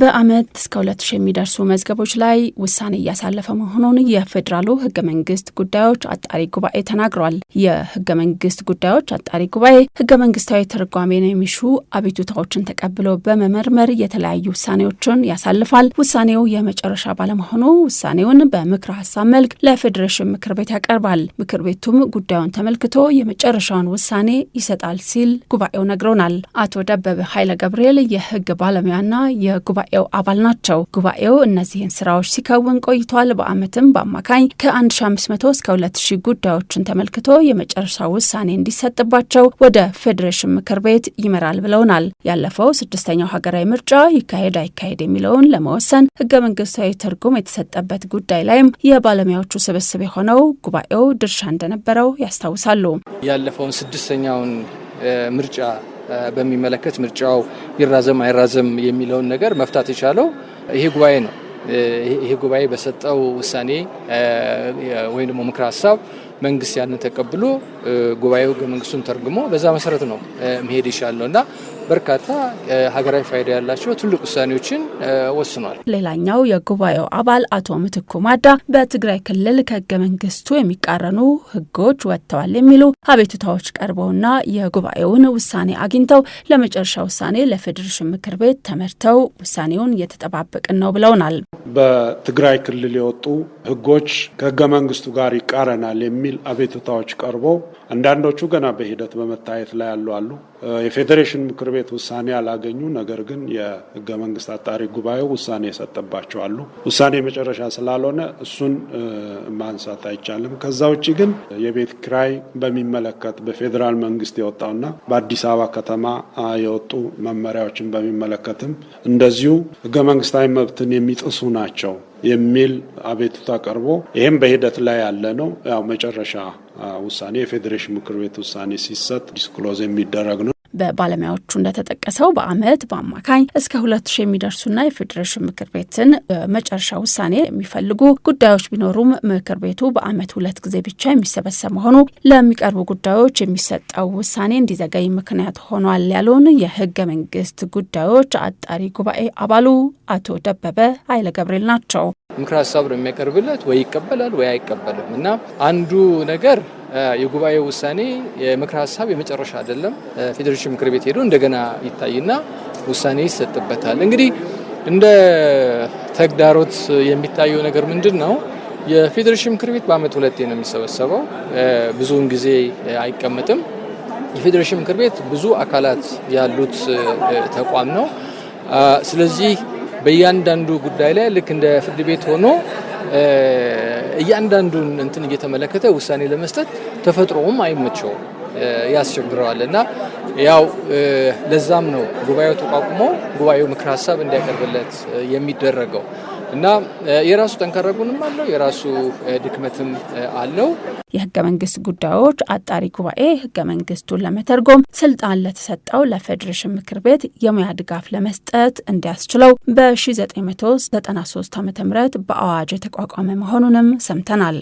በዓመት እስከ 2000 የሚደርሱ መዝገቦች ላይ ውሳኔ እያሳለፈ መሆኑን የፌዴራሉ ህገ መንግስት ጉዳዮች አጣሪ ጉባኤ ተናግሯል። የህገ መንግስት ጉዳዮች አጣሪ ጉባኤ ህገ መንግስታዊ ትርጓሜን የሚሹ አቤቱታዎችን ተቀብሎ በመመርመር የተለያዩ ውሳኔዎችን ያሳልፋል። ውሳኔው የመጨረሻ ባለመሆኑ ውሳኔውን በምክረ ሀሳብ መልክ ለፌዴሬሽን ምክር ቤት ያቀርባል። ምክር ቤቱም ጉዳዩን ተመልክቶ የመጨረሻውን ውሳኔ ይሰጣል ሲል ጉባኤው ነግሮናል። አቶ ደበበ ኃይለ ገብርኤል የህግ ባለሙያና የጉባ ጉባኤው አባል ናቸው። ጉባኤው እነዚህን ስራዎች ሲከውን ቆይቷል። በአመትም በአማካኝ ከ1500 እስከ 2000 ጉዳዮችን ተመልክቶ የመጨረሻ ውሳኔ እንዲሰጥባቸው ወደ ፌዴሬሽን ምክር ቤት ይመራል ብለውናል። ያለፈው ስድስተኛው ሀገራዊ ምርጫ ይካሄድ አይካሄድ የሚለውን ለመወሰን ህገ መንግስታዊ ትርጉም የተሰጠበት ጉዳይ ላይም የባለሙያዎቹ ስብስብ የሆነው ጉባኤው ድርሻ እንደነበረው ያስታውሳሉ። ያለፈውን ስድስተኛውን ምርጫ በሚመለከት ምርጫው ይራዘም አይራዘም የሚለውን ነገር መፍታት የቻለው ይሄ ጉባኤ ነው። ይሄ ጉባኤ በሰጠው ውሳኔ ወይም ደግሞ ምክር ሀሳብ መንግስት ያንን ተቀብሎ ጉባኤው ህገ መንግስቱን ተርግሞ በዛ መሰረት ነው መሄድ ይቻለው እና በርካታ ሀገራዊ ፋይዳ ያላቸው ትልቅ ውሳኔዎችን ወስኗል። ሌላኛው የጉባኤው አባል አቶ ምትኩ ማዳ በትግራይ ክልል ከህገ መንግስቱ የሚቃረኑ ህጎች ወጥተዋል የሚሉ አቤቱታዎች ቀርበውና የጉባኤውን ውሳኔ አግኝተው ለመጨረሻ ውሳኔ ለፌዴሬሽን ምክር ቤት ተመርተው ውሳኔውን እየተጠባበቅን ነው ብለውናል። በትግራይ ክልል የወጡ ህጎች ከህገ መንግስቱ ጋር ይቃረናል የሚል አቤቱታዎች ቀርበው አንዳንዶቹ ገና በሂደት በመታየት ላይ ያሉ አሉ። የፌዴሬሽን ምክር ቤት ውሳኔ አላገኙ፣ ነገር ግን የህገ መንግስት አጣሪ ጉባኤው ውሳኔ የሰጠባቸው አሉ። ውሳኔ መጨረሻ ስላልሆነ እሱን ማንሳት አይቻልም። ከዛ ውጭ ግን የቤት ክራይ በሚመለከት በፌዴራል መንግስት የወጣውና በአዲስ አበባ ከተማ የወጡ መመሪያዎችን በሚመለከትም እንደዚሁ ህገ መንግስታዊ መብትን የሚጥሱ ናቸው የሚል አቤቱታ ቀርቦ ይህም በሂደት ላይ ያለ ነው። ያው መጨረሻ ውሳኔ የፌዴሬሽን ምክር ቤት ውሳኔ ሲሰጥ ዲስክሎዝ የሚደረግ ነው። በባለሙያዎቹ እንደተጠቀሰው በአመት በአማካኝ እስከ ሁለት ሺህ የሚደርሱና የፌዴሬሽን ምክር ቤትን መጨረሻ ውሳኔ የሚፈልጉ ጉዳዮች ቢኖሩም ምክር ቤቱ በአመት ሁለት ጊዜ ብቻ የሚሰበሰብ መሆኑ ለሚቀርቡ ጉዳዮች የሚሰጠው ውሳኔ እንዲዘገይ ምክንያት ሆኗል ያሉን የህገ መንግስት ጉዳዮች አጣሪ ጉባኤ አባሉ አቶ ደበበ ኃይለ ገብርኤል ናቸው። ምክር ሀሳብ ነው የሚያቀርብለት፣ ወይ ይቀበላል ወይ አይቀበልም እና አንዱ ነገር የጉባኤ ውሳኔ የምክር ሀሳብ የመጨረሻ አይደለም። ፌዴሬሽን ምክር ቤት ሄዶ እንደገና ይታይና ውሳኔ ይሰጥበታል። እንግዲህ እንደ ተግዳሮት የሚታየው ነገር ምንድን ነው? የፌዴሬሽን ምክር ቤት በአመት ሁለቴ ነው የሚሰበሰበው። ብዙውን ጊዜ አይቀመጥም። የፌዴሬሽን ምክር ቤት ብዙ አካላት ያሉት ተቋም ነው። ስለዚህ በእያንዳንዱ ጉዳይ ላይ ልክ እንደ ፍርድ ቤት ሆኖ እያንዳንዱን እንትን እየተመለከተ ውሳኔ ለመስጠት ተፈጥሮውም አይመቸውም ያስቸግረዋል እና ያው ለዛም ነው ጉባኤው ተቋቁሞ ጉባኤው ምክር ሀሳብ እንዲያቀርብለት የሚደረገው። እና የራሱ ጠንካራ ጎንም አለው፣ የራሱ ድክመትም አለው። የህገ መንግስት ጉዳዮች አጣሪ ጉባኤ ህገ መንግስቱን ለመተርጎም ስልጣን ለተሰጠው ለፌዴሬሽን ምክር ቤት የሙያ ድጋፍ ለመስጠት እንዲያስችለው በ1993 ዓ ም በአዋጅ የተቋቋመ መሆኑንም ሰምተናል።